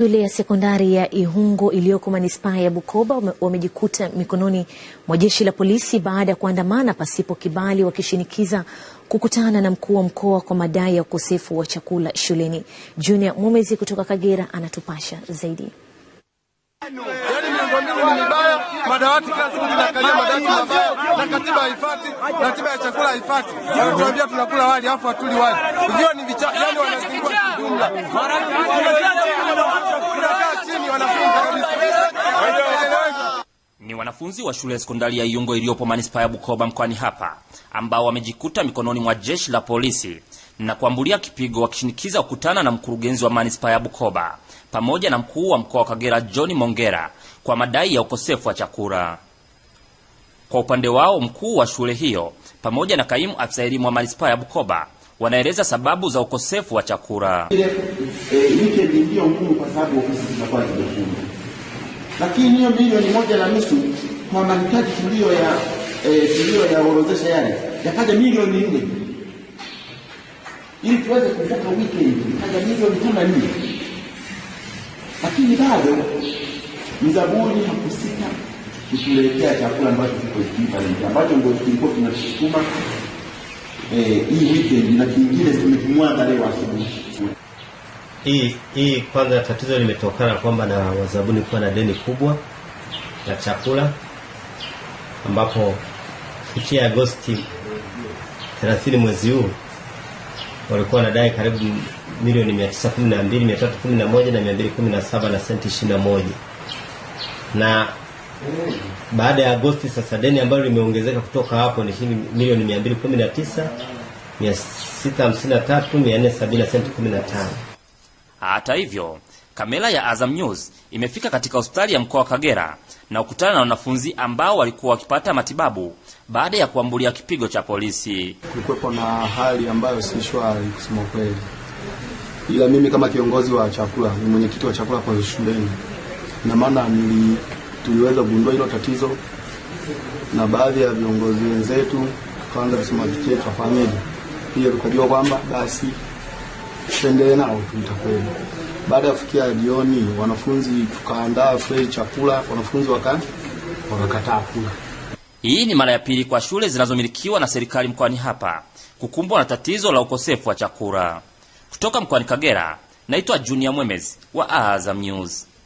Shule ya sekondari ya Ihungo iliyoko manispaa ya Bukoba wamejikuta mikononi mwa jeshi la polisi baada ya kuandamana pasipo kibali wakishinikiza kukutana na mkuu wa mkoa kwa madai ya ukosefu wa chakula shuleni. Junior Mumezi kutoka Kagera anatupasha zaidi. Yaani Wanafunzi wa shule ya sekondari ya Iyungo iliyopo manispaa ya Bukoba mkoani hapa ambao wamejikuta mikononi mwa jeshi la polisi na kuambulia kipigo wakishinikiza kukutana na mkurugenzi wa manispaa ya Bukoba pamoja na mkuu wa mkoa wa Kagera John Mongera kwa madai ya ukosefu wa chakula. Kwa upande wao, mkuu wa shule hiyo pamoja na kaimu afisa elimu wa manispaa ya Bukoba wanaeleza sababu za ukosefu wa chakula. Eh, lakini hiyo milioni moja na nusu kwa mahitaji tulio ya eh, tulio yaorozesha yale yakaja milioni nne ili tuweze kuvuka weekend ikaja milioni kama nne, lakini bado mzabuni hakusika kutuletea chakula ambacho kikoikipa ambacho ndio kilikuwa kinasukuma eh, hii weekend na kingine tumetumwaga leo asubuhi hii hii kwanza tatizo limetokana kwamba na wazabuni kuwa na deni kubwa la chakula, ambapo kufikia Agosti 30 mwezi huu walikuwa wanadai karibu milioni 912, 311 na 217 na senti 21 na baada ya Agosti sasa deni ambalo limeongezeka kutoka hapo ni shilingi milioni 219 653 470 senti 15. Hata hivyo, kamera ya Azam News imefika katika hospitali ya mkoa wa Kagera na kukutana na wanafunzi ambao walikuwa wakipata matibabu baada ya kuambulia kipigo cha polisi. Kulikuwepo na hali ambayo si shwari kusema kweli, ila mimi kama kiongozi wa chakula ni mwenyekiti wa chakula kwa shuleni, na maana nili tuliweza kugundua hilo tatizo, na baadhi ya viongozi wenzetu tukaanza kusema tufanyeje, pia tukajua kwamba basi tuendelee nao itakwenda. Baada ya kufikia jioni, wanafunzi tukaandaa fresh chakula, wanafunzi waka wakakataa kula. Hii ni mara ya pili kwa shule zinazomilikiwa na serikali mkoani hapa kukumbwa na tatizo la ukosefu wa chakula. Kutoka mkoani Kagera, naitwa Junior Mwemezi wa Azam News.